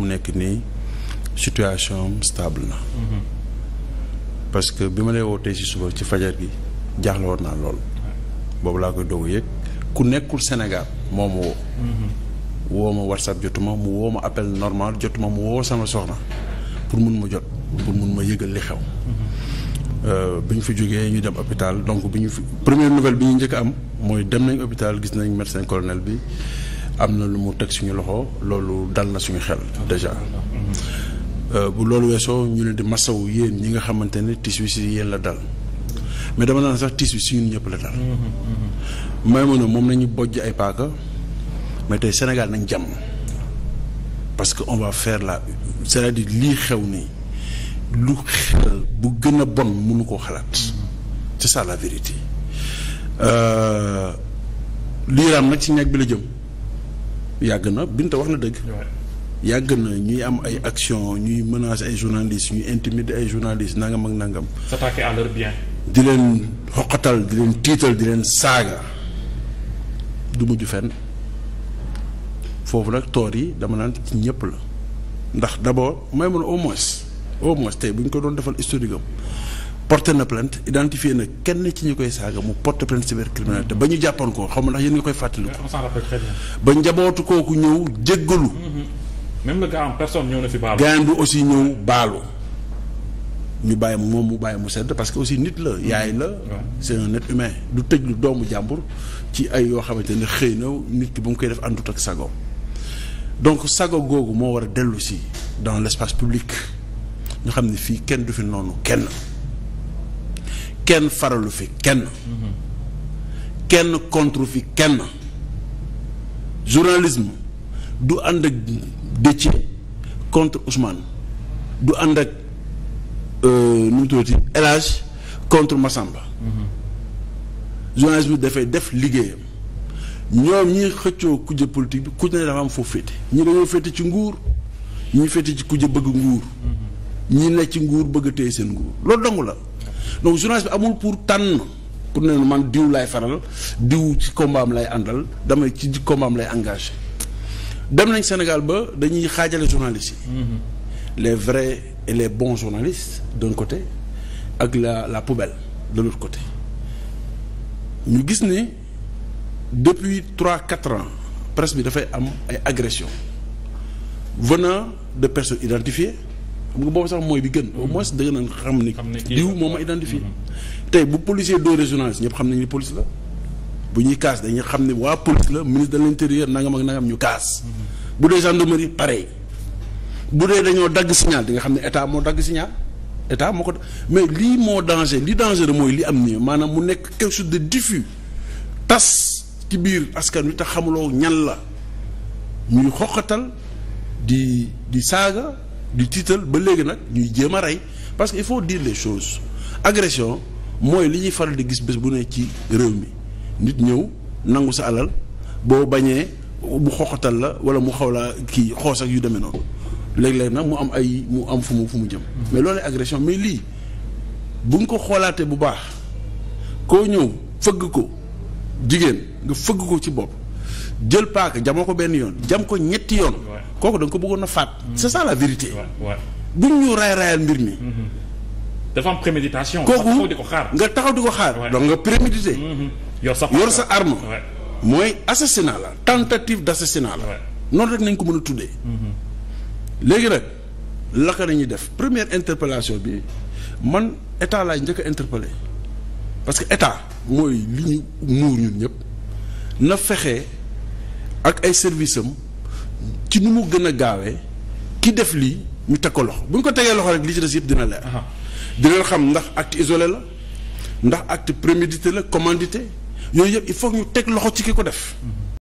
mu nekk nii situation stable na. Mhm. parce que bi ma lay wootee si suba ci fajar gi jaaxle naa lool. boobu laa koy doog yëg ku nekkul Sénégal moo woo. Mhm. woo ma whatsapp jotuma mu woo ma appel normal jotuma mu woo sama soxna pour mun ma jot pour mun ma yëgal li xew. Mhm. Euh, bu ñu fi jógee ñu dem hôpital donc bu ñu fi première nouvelle bi ñu njëkk am mooy dem nañ hôpital gis nañ médecin colonel bi. am na lu mu teg suñu loxo loolu dal na suñu xel déjà euh, bu loolu weesoo ñu leen di masawu yéen ñi nga xamante ne tiis wi si yéen la dal mais dama naan sax tiis wi si ñun ñëpp la dal may mun a moom nañu bojj ay paaka mais tey Sénégal nañ jàmm parce que on va faire la cest à lii xew nii lu xel bu gën a bon mënu koo xalaat c'est ça la vérité euh, liiraam nag ci ñag bi la jëm yàgg na Binta wax na dëgg. yàgg na ñuy am ay action ñuy menacer ay journalistes ñuy intimider ay journalistes nangam ak nangam. s'attaquer à leur bien. di leen xoqatal di leen tiital di leen saaga du mujj fen foofu nag toor yi dama naan ci ñëpp la ndax d'abord may mën au moins au moins tey bu ñu ko doon defal historique porte na plainte identifié na kenn ci ñu koy saaga mu porte plainte cybercriminalité ba ñu jàppoon ko xaw ma ndax yéen nga koy fàttaliku. ba njabootu kooku ñëw jéggalu. Mm-hmm. même le gars en personne ñëw na fi baalu. aussi ñëw baalo ñu bàyyi moom mu bàyyi mu sedd parce que aussi nit la mm-hmm. yaay la. c'est un être humain du tëj lu doomu jàmbur ci ay yoo xamante ne xëy na nit ki bu mu koy def àndut ak sago donc sago googu moo war a dellu si dans l'espace public ñu xam ne fii kenn du fi noonu kenn. kenn faralu fi kenn kenn contre fi kenn journalisme du ànd ak Déthié contre Ousmane du ànd ak euh, nu mu contre Massamba journalisme bi dafay def liggéeyam ñoom ñi xëccoo kujje politique bi ku ne dafa am foofu féete ñi dañoo féete ci nguur ñi féete ci kujje bëgg nguur ñi ne ci nguur bëgg a seen nguur loolu dong la donc journaliste bi amul pour tànn pour ne man diw lay faral diw ci combat lay àndal damay ci combat lay engagé dem nañ Sénégal ba dañuy xaajale journalistes yi. Mm-hmm. les vrais et les bons journalistes d'un côté ak la la poubelle de l'autre côté ñu gis ni depuis trois quatre ans presse bi dafay am ay agressions venant de personnes identifiées. xam nga boobu sax mooy bi gën au moins dëgg nañ xam ni diw moom ma identifié mhm. tey bu policier doore journaliste ñëpp xam nañ ni police la bu ñuy kaas dañuy xam ne waa police la ministre de l'intérieur nangam ak am ñu kaas mhm. bu dee gendarmerie pareil bu dee dañoo dagg signal di nga xam ne état moo dagg signal état moo ko mais lii moo danger li dangereux mooy li am nii maanaam mu nekk quelque chose de diffus tas ci biir askan wi te xamuloo ñan la ñuy xoqatal di di saaga di tiital ba léegi nag ñuy jéem a rey parce que il faut dire les choses agression mooy li ñuy faral di gis bés bu ne ci réew mi nit ñëw nangu sa alal boo bañee bu xoxatal la wala mu xaw laa kii xoos ak yu demee noonu léeg-léeg nag mu am ay mu am fu mu fu mu jëm. mais loolu agression mais lii buñ ko xoolaatee bu baax koo ñëw fëgg ko jigéen nga fëgg ko ci bopp jël paaka jamoo ko benn yoon jam ko ñetti yoon. kooku da nga ko bëggoon na faat. Mm-hmm. sa ça la vérité. buñ ñu raay raayal mbir mi. Mm-hmm. dafa am préméditation. kooku nga taxaw di ko xaar. donc nga prémédité. Mm-hmm. yor sa yor sa arme. mooy assassinat la tentative d'assassinat la. noonu rek nañ ko mën a tuddee. léegi nag laka la def première interpellation bi man état laay njëkk a parce que état mooy li ñu muur ñun ñëpp na fexe ak ay services ci nu mu gën a gaawee ki def lii ñu teg ko loxo bu ñu ko tegee loxo rek li ci des yëpp dina leer. dina xam ndax acte isolé la ndax acte prémédité la commandité yooyu yëpp il faut ñu teg loxo ci ki ko def. Mhm.